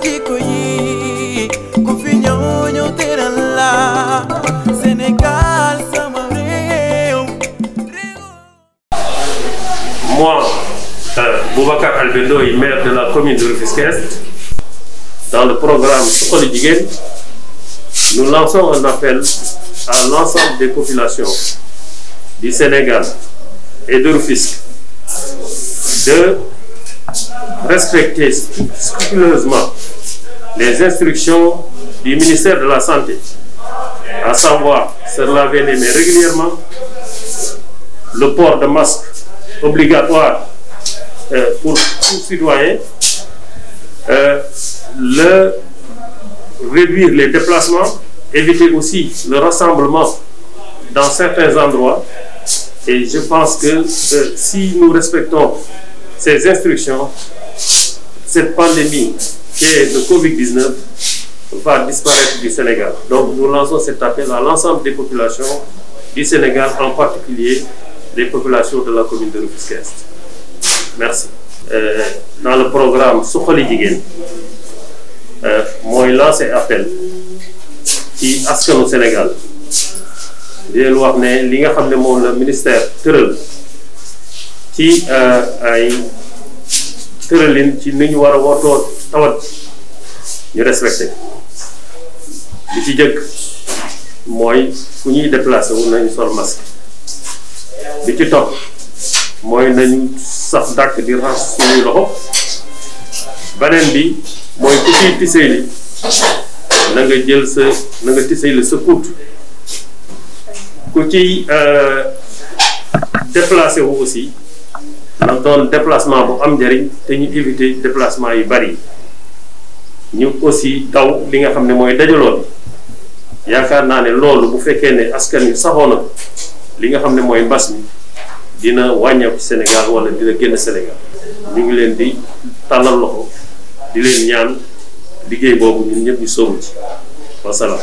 kiko ku fi ñëw ñëw la Sénégal sama réew. Moi, euh, maire de la commune de rufisque dans le programme Suxali nous lançons un appel à l'ensemble des populations du Sénégal et de Rufisque de respecter scrupuleusement les instructions du ministère de la Santé, à savoir se laver les mains régulièrement, le port de masque obligatoire euh, pour tout citoyen, euh, le réduire les déplacements, éviter aussi le rassemblement dans certains endroits. Et je pense que euh, si nous respectons ces instructions, cette pandémie qui est le Covid-19 va disparaître du Sénégal. Donc nous lançons cet appel à l'ensemble des populations du Sénégal, en particulier les populations de la commune de Rufisque-Est. Euh, dans le programme Suxali Jigéen euh, mooy lancé appel ci askanu Sénégal di leen wax ne li nga xam ne moom ministère tëral ci euh, ay tëralin ci ni ñu war a wootoo tawat ñu respecté li ci jëkk mooy fu ñuy déplacé wu nañu sol masque bi ci topp mooy nañu sax dàkk di raxas suñuy loxo beneen bi mooy ku ciy tisee li nga jël sa na nga tisee sa kuut ku ciy euh, déplacé wu aussi maanaam doon déplacement bu am njëriñ te ñu éviter déplacement yu bari ñu aussi daw li nga xam ne mooy dajaloo bi yaakaar naa ne loolu bu fekkee ne askan wi saxoo nag li nga xam ne mooy mbas mi dina wàññeeku Sénégal wala dina génn Sénégal ñu ngi leen di tàllal loxo di leen ñaan liggéey boobu ñun ñëpp ñu sóobu ci wasalaam